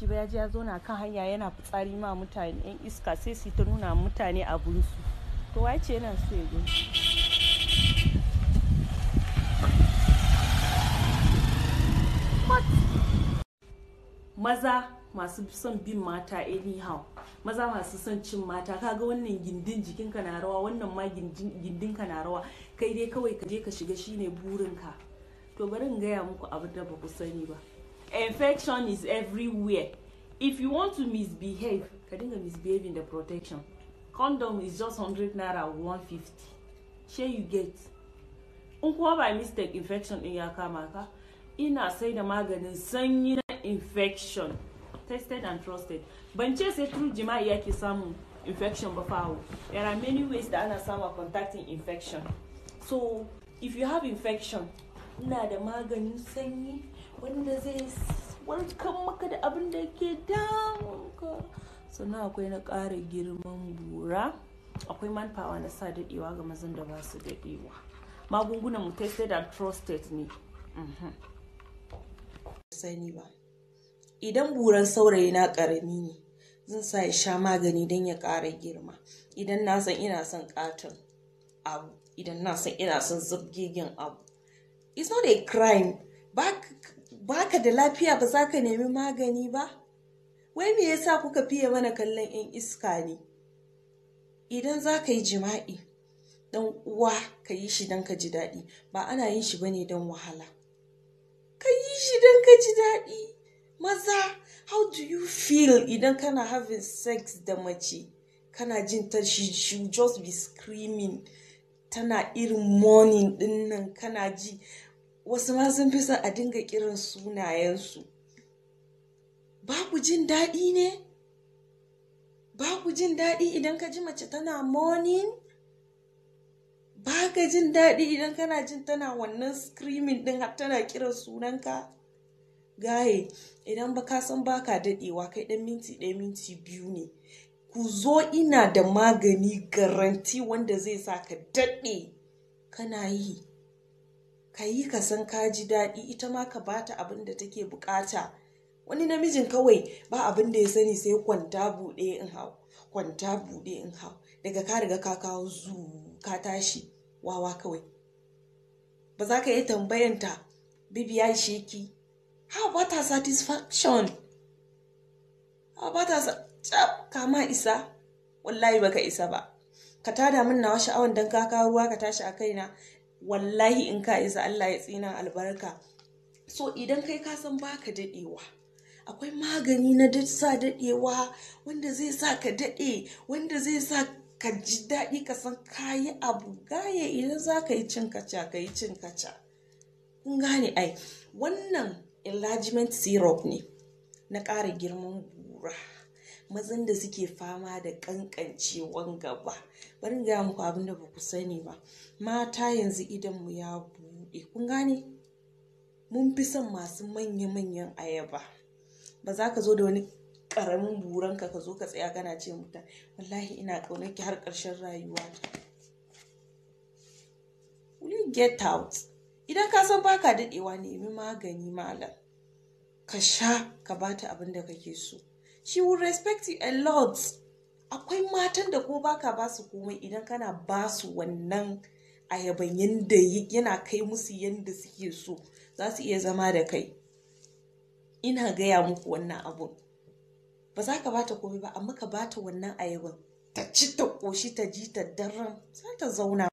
ciki ba ya je ya na kan hanya yana fitsari ma mutane yan iska sai su ta nuna mutane abunsu to waye ce yana so ya maza masu son bin mata anyhow maza masu son cin mata kaga wannan gindin jikinka na rawa wannan ma gindin ka na rawa kai dai kawai ka je ka shiga shine ka to bari in gaya muku abin da ba ku sani ba infection is everywhere if you want to misbehave I kadinga misbehave in the protection condom is just 100 naira 150 shey you get in by mistake infection in ya kama ka ina say the maganin sanyi na infection tested and trusted ban ce sai through jima'i yake samun infection ba there are many ways da some are contacting infection so if you have infection ina da maganin saying. wanda zai warkar maka da abin da ke damunka sannan akwai na ƙara girman bura akwai mantawa na sa daɗewa ga mazan da ba su daɗewa magungunan mu tested da trusted ne mhm. sani ba idan buran saurayi na ƙarami ne zan sa ya sha magani don ya ƙara girma idan na san ina son ƙaton abu idan na san ina son zabgegen abu it's not a crime baka da lafiya ba za ka nemi magani ba wai me yasa kuka fiye mana kallon 'yan iska ne idan za ka yi jima'i dan uwa ka yi shi don ka ji daɗi ba ana yin shi bane don wahala ka yi shi don ka ji daɗi maza how do you feel idan kana having sex da mace kana jin ta she, she just be screaming tana irin morning ɗin nan kana ji wasu ma sun fi son a dinga kiran sunayensu ba ku jin daɗi ne ba jin daɗi idan ka ji mace tana morning ba ka jin daɗi idan kana jin tana wannan screaming ɗin har tana kiran sunanka gaye idan ba ka san ba ka daɗewa kai ɗan minti ɗaya minti biyu ne ku zo ina da magani garanti wanda zai sa ka daɗe kana yi ka yi ka san ka ji daɗi ita ma ka bata abin da take bukata wani namijin kawai ba abin da ya sani sai kwanta buɗe in hau kwanta buɗe in hau daga ka riga ka kawo zu ka tashi wawa kawai ba za ka yi tambayanta bibiya sheki ha ba ta satisfaction ha ba ta kama isa wallahi baka isa ba ka tada min nawa sha'awan dan ka kawo ruwa ka tashi a kaina wallahi in ka isa Allah ya tsina albarka so idan kai ka san baka dadewa akwai magani na duk sa dadewa wanda zai sa ka dade wanda zai sa ka ji daɗi ka san kayi abu gaya idan za ka yi cin kaca ka yi cin kaca kun gane ai wannan enlargement syrup ne na ƙara girman gura matsin da suke fama da kankancewan gaba bari in gaya muku abin ba ku sani ba mata yanzu idan mu ya buɗe kun gane mun fi son masu manya-manyan ayaba ba za ka zo da wani ƙaramin buranka ka zo ka tsaya kana ce mutan wallahi ina ƙaunaki har ƙarshen rayuwa will you get out idan ka san baka daɗewa nemi magani malam ka sha ka bata abin da kake so she will respect you a lot akwai matan da ko baka ba komai idan kana ba su wannan ayaban yadda yana kai musu yadda suke so za su iya zama da kai ina gaya muku wannan abu ba za ka bata komai ba amma ka bata wannan ayaban ta ci ta koshi ta ji ta daren za ta zauna